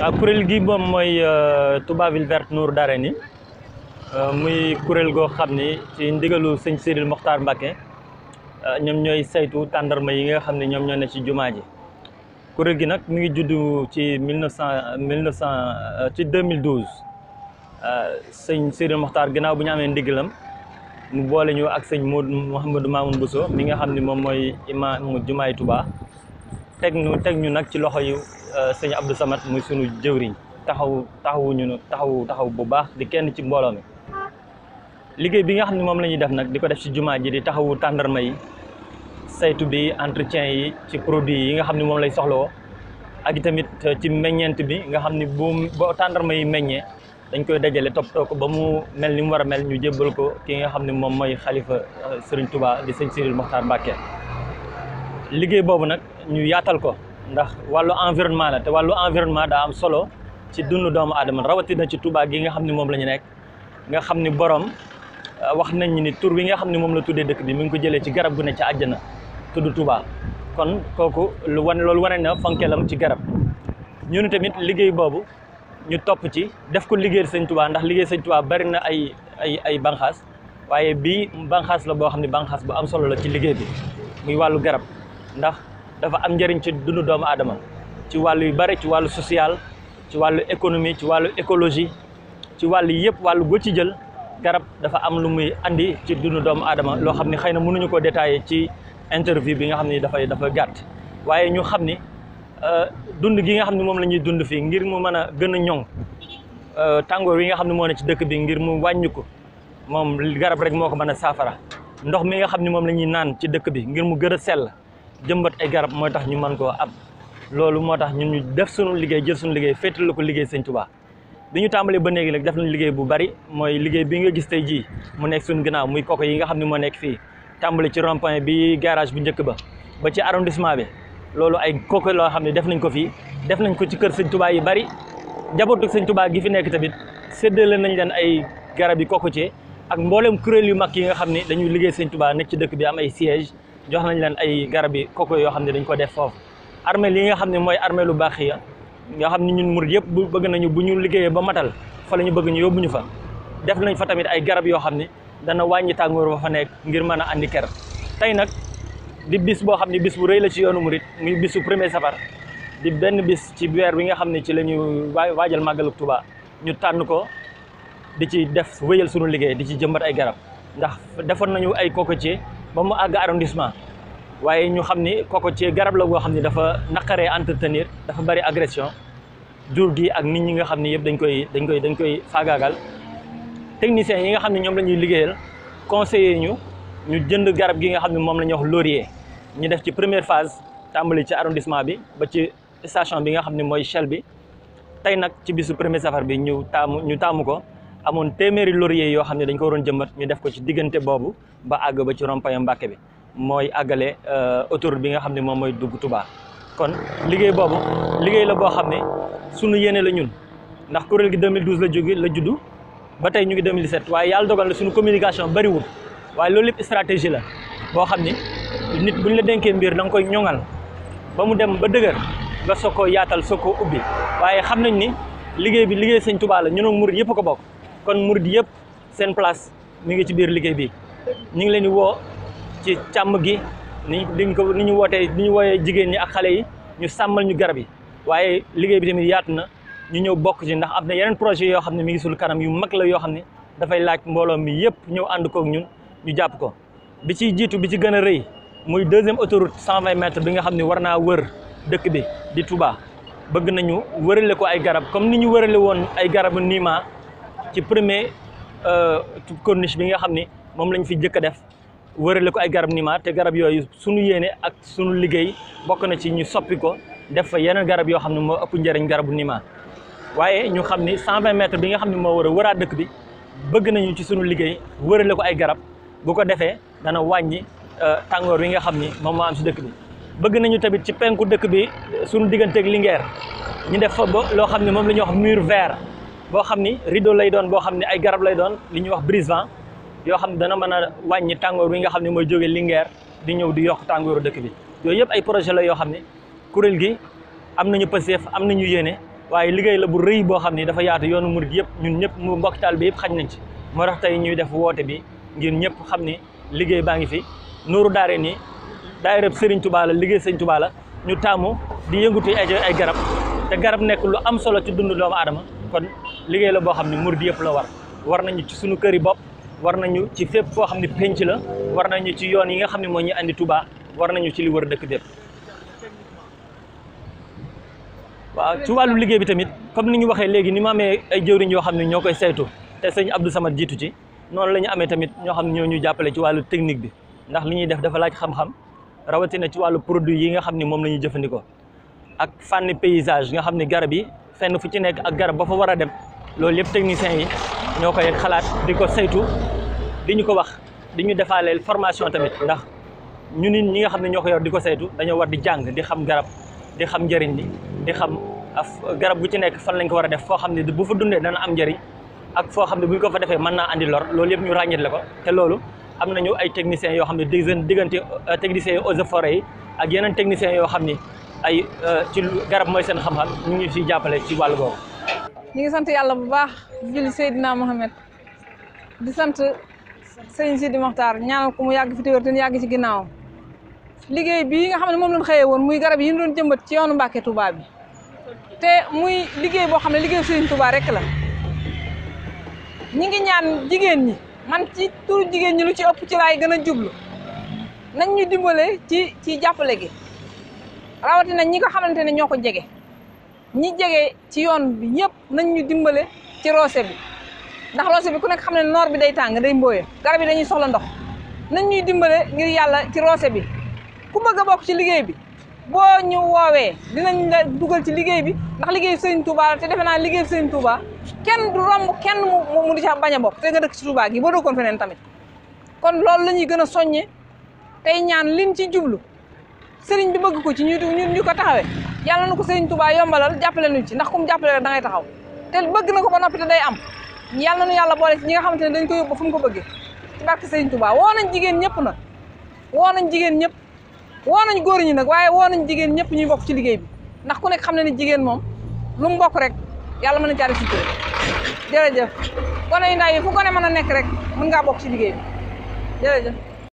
waaw euh, kuréel gi moom mooy euh, Touba Ville Verte Nour Darayni euh, muy kuréel goo xam ni ci ndigalu sëñ Cyril Mokhtar Mbacké ñoom ñooy saytu tàndarma yi nga xam ne ñoom ñoo ne ci jumaa ji kuréel gi nag mu ngi juddu ci mille neuf cent mille neuf cent ci 2012 sëñ Cyril Mokhtar ginnaaw bu ñu amee ndigalam mu boole ñu ak sëñ Modou Mouhamadou Mamoun Bousso mi nga xam ne moom mooy imaamu jumaay Touba teg ñu teg ñu nag ci loxo yi Euh, sëñ Abdou Samad muy sunu jëwriñ taxaw taxawuñu taxaw taxaw bu baax di kenn ci mbooloo mi liggéey bi nga xam ne moom la ñuy def nag di ko def ci jumaa ji di taxawu tàndarma yi saytu bi entretien yi ci produit yi nga xam ne moom lay soxlawoo ak itamit euh, ci meññeent bi nga xam ne bu boo tàndarma yi meññee dañ koy dajale topp ko ba mu mel ni mu war a mel ñu jëbbal ko ki nga xam ne moom mooy xalifa euh, sëriñ Touba di sëñ Cyril Mokhtar liggéey boobu ndax wàllu environnement la te wàllu environnement daa am solo ci dundu doomu aadama rawatina ci Touba gi nga xam ne moom la ñu nekk nga xam ni boroom euh, wax nañ ni tur wi nga xam ne moom la tuddee dëkk bi mu ngi ko jëlee ci garab gu ne ci àjjana tudd Touba kon kooku lu wan loolu wane na fonkeelam ci garab ñun tamit liggéey boobu ñu topp ci def ko liggéey sëñ Touba ndax liggéey sañ Touba bari na ay ay ay banxaas waaye bi banqaas la boo xam ne banxaas bu am solo la ci liggéey muy wàllu garab dafa am njëriñ ci dundu doomu aadama ci wàll yu bari ci wàll social ci wàll économie ci wàllu écologie ci wàll yëpp wàllu goo ci jël garab dafa am lu muy andi ci dundu doomu aadama loo xam ne xëy na mënuñu ko détaillé ci interview bi nga xam ni dafay dafa gàtt waaye ñu xam ni euh, dund gi nga xam ne moom la ñuy dund fii ngir mu mën a gën a ñoŋ euh, tàngoor wi nga xam ne moo ne ci dëkk bi ngir mu wàññi ko moom garab rek moo ko mën a saafara ndox mi nga xam ne moom la ñuy naan ci dëkk bi ngir mu gën a sell jëmbat ay garab mooy tax ñu mën koo am loolu moo tax ñun ñu def suñu liggéey jël suñu liggéey féetal ko liggéey sëñ Tuubaa bi ñu tàmbalee ba léegi nag def nañ liggéey bu bari mooy liggéey bi nga gis tey jii mu nekk suñu ginnaaw muy koko yi nga xam ne moo nekk fii tàmbale ci rond-point bi garage bu njëkk ba ba ci arrondissement bi loolu ay koko loo xam ne def nañ ko fii def nañ ko ci kër sëñ Tuubaa yi bari jabootu sëñ tubaa gi fi nekk tamit seddale nañ leen ay garab yi koko ci ak mboolem kuréel yu mag yi nga xam ne dañuy liggéey sëñ Tuubaa nekk ci dëkk bi am ay siège jox nañ leen ay garab yi koko yoo xam ne dañ ko def foofu armée li nga xam ne mooy armée lu baax ya nga xam ne ñun murid yëpp bëgg nañu bu ñu liggéeyee ba matal fa la ñu bëgg ñu yóbbu ñu fa def nañ fa tamit ay garab yoo xam ne dana wàññi tàngoor ba fa nekk ngir mën a andi ker tey nag di bis boo xam ne bis bu rëy la ci yoonu murid muy bisu premier safar di benn bis ci weer bi nga xam ne ci la ñu waajal màggalu tubaa ñu tànn ko di ci def wéyal sunu liggéey di ci jëmbat ay garab ndax defoon nañu ay cocotier ba mu àgg arrondissement waaye ñu xam ni koko ci garab la goo xam ni dafa naqaree entretenir dafa bari agression jur gi ak nit ñi nga xam ni yëpp dañ koy dañ koy dañ koy faagaagal techniciens yi nga xam ne ñoom la ñuy liggéeyal conseiller ñu ñu jënd garab gi nga xam ne moom la ñuy wax laurier ñu def ci première phase tàmbali ci arrondissement bi ba ci station bi nga xam ne mooy Shell bi tey nag ci bisu premier safar bi ñu taamu ñu taamu ko amoon téeméeri laurier yoo xam ne dañ ko waroon jëmbat ñu def ko ci diggante boobu ba àgg ba ci rond-point Mbàkke bi mooy àggale euh, autoroute bi nga xam ne moom mooy dugg Touba kon liggéey boobu liggéey la boo xam ne sunu yéene la ñun ndax kuréel gi 2012 la jóge la juddu ba tey ñu ngi 2017 waaye yàlla dogal na suñu communication bariwul waaye loolu lépp stratégie la boo xam ne nit bu ñu la denkee mbir da nga koy ñoŋal ba mu dem ba dëgër nga soog ko yaatal soog ko ubbi waaye xam nañ ni liggéey bi liggéey sëñ Tuubaa la ñun ak yëpp ko bokk. kon murid yëpp seen place mi ngi ci biir liggéey bi ñu ngi leen di woo ci càmm gi ni diñ ko ni ñu wootee ni ñu wooyee jigéen ñi ak xale yi ñu sàmmal ñu garab yi waaye liggéey bi tamit yaatu na ñu ñëw bokk ci ndax am na yeneen projet yoo xam ne mi ngi sul kanam yu mag la yoo xam ne dafay laaj mbooloo mi yëpp ñëw ànd kook ñun ñu jàpp ko bi ciy jiitu bi ci gën a rëy muy deuxième autoroute cent vingt bi nga xam ne war naa wër dëkk bi di tubaa bëgg nañu wërale ko ay garab comme ni ñu wërale woon ay garabu niima ci premier euh, corniche bi nga xam ni moom lañ fi jëkk a def wërale ko ay garab nimaar te garab yooyu sunu yéene ak sunu liggéey bokk na ci ñu soppi ko def fa yeneen garab yoo xam ne moo ëpp njëriñ garabu nimaar waaye ñu xam ni 120 bi nga xam ne moo war a wëraat dëkk bi bëgg nañu ci sunu liggéey wërale ko ay garab bu ko defee dana wàññi euh, tàngoor bi nga xam ni moom moo am si dëkk bi. bëgg nañu tamit ci penku dëkk bi sunu digganteeg Linguère ñu def fa ba loo xam ne moom la ñuy wax mur boo xam ni rideau lay doon boo xam ne ay garab lay doon li ñuy wax brise yoo xam ne dana mën a wàññi tàngoor bi nga xam ne mooy jóge Linguère di ñëw di yokk tàngooru dëkk bi yooyu yëpp ay projet la yoo xam ne kuréel gi am nañu pëseef am nañu yéene waaye liggéey la bu rëy boo xam ne dafa yaatu yoonu murid yëpp ñun ñëpp mu mbokk taal bi yëpp xañ nañ ci moo tax tey ñuy def woote bi ngir ñëpp xam ni liggéey baa ngi fi nooru daare nii daayira Sëriñ Tuubaa la liggéey Sëriñ Tuubaa ñu taamu di yëngutu ay ay garab te garab nekk lu am solo ci dund doomu aadama liggéey la boo xam ne murid yëpp la war war nañu ci suñu kër yi bopp war nañu ci fépp foo xam ne pénc la war nañu ci yoon yi nga xam ne moo ñu andi Touba war nañu ci li wër dëkk bépp waaw ci wàllu liggéey bi tamit comme ni ñu waxee léegi ni mu amee ay jëwriñ yoo xam ne ñoo koy saytu te sëñ Abdou Samad jiitu ci noonu la ñu amee tamit ñoo xam ne ñoo ñu jàppale ci wàllu technique bi ndax li ñuy def dafa laaj xam-xam rawatina ci wàllu produit yi nga xam ne moom la jëfandikoo ak fànn paysage nga xam ne garab yi fenn fu ci nekk ak garab ba fa war a dem loolu yëpp techniciens yi ñoo koy xalaat di ko saytu di ñu ko wax di ñu defaaleel formation tamit ndax ñu nit ñi nga xam ne ñoo ko yor di ko saytu dañoo war di jàng di xam garab di xam njëriñ li di xam garab gu ci nekk fan lañ ko war a def foo xam ne bu fa dundee dana am njëriñ ak foo xam ne bu ñu ko fa defee mën naa andi lor loolu yëpp ñu ràññeet la ko te loolu am nañu ay technicien yoo xam ne diggante euh, techniciens yi eaux et forêt yi ak yeneen techniciens yoo xam ni ay euh, ci garab mooy seen xam-xam ñu ngi ciy ci wàllu boobu. ñu ngi sant yàlla bu baax julli Seydina Mohamed di sant sëñ Sidi Moxtaar ñaan ko mu yàgg fi téwér yàgg ci ginnaawam liggéey bii nga xam ne moom lañ xëyee woon muy garab yi ñu doon jëmbat ci yoonu Mbàkke Touba bi te muy liggéey boo xam ne liggéey Sëriñ Touba rek la ñi ngi ñaan jigéen ñi man ci turu jigéen ñi lu ci ëpp ci laay gën a jublu nañ ñu dimbale ci ci jàppale gi rawati rawatina ñi nga xamante ne ñoo ko jege ñi jege ci yoon bi ñëpp nañ ñu dimbale ci roose bi ndax roose bi ku nekk xam ne noor bi day tàng day mbooye garab yi dañuy soxla ndox nañ ñuy dimbale ngir yàlla ci roose bi ku bëgg a bokk ci liggéey bi boo ñu woowee dinañ la dugal ci liggéey bi ndax liggéey sëñ Touba te defe naa liggéey sëñ Touba kenn du romb kenn mu mu di ca bañ a bok te nga dëkk ci Touba gi boo dëkkoon feneen tamit kon loolu la ñuy gën a soññe tey ñaan liñ ci jublu sëriñ bi bëgg ko ci ñu ñu ko taxawee yàlla na ko sëriñ Touba yombalal jàppale nu ci ndax ku mu jàppale rek da ngay taxaw te bëgg na ko ba noppi te day am yàlla nu yàlla boole ci ñi nga xamante ne dañ ko yóbbu fu mu ko bëggee ci barke sëriñ Touba woo nañ jigéen ñëpp nag woo nañ jigéen ñëpp woo nañ góor ñi nag waaye woo nañ jigéen ñëpp ñuy bokk ci liggéey bi ndax ku nekk xam ne ni jigéen moom lu mu bokk rek yàlla mën na caa def si kër jërëjëf gone yu ndaw yi fu gone mën a nekk rek mën ngaa bokk ci liggéey bi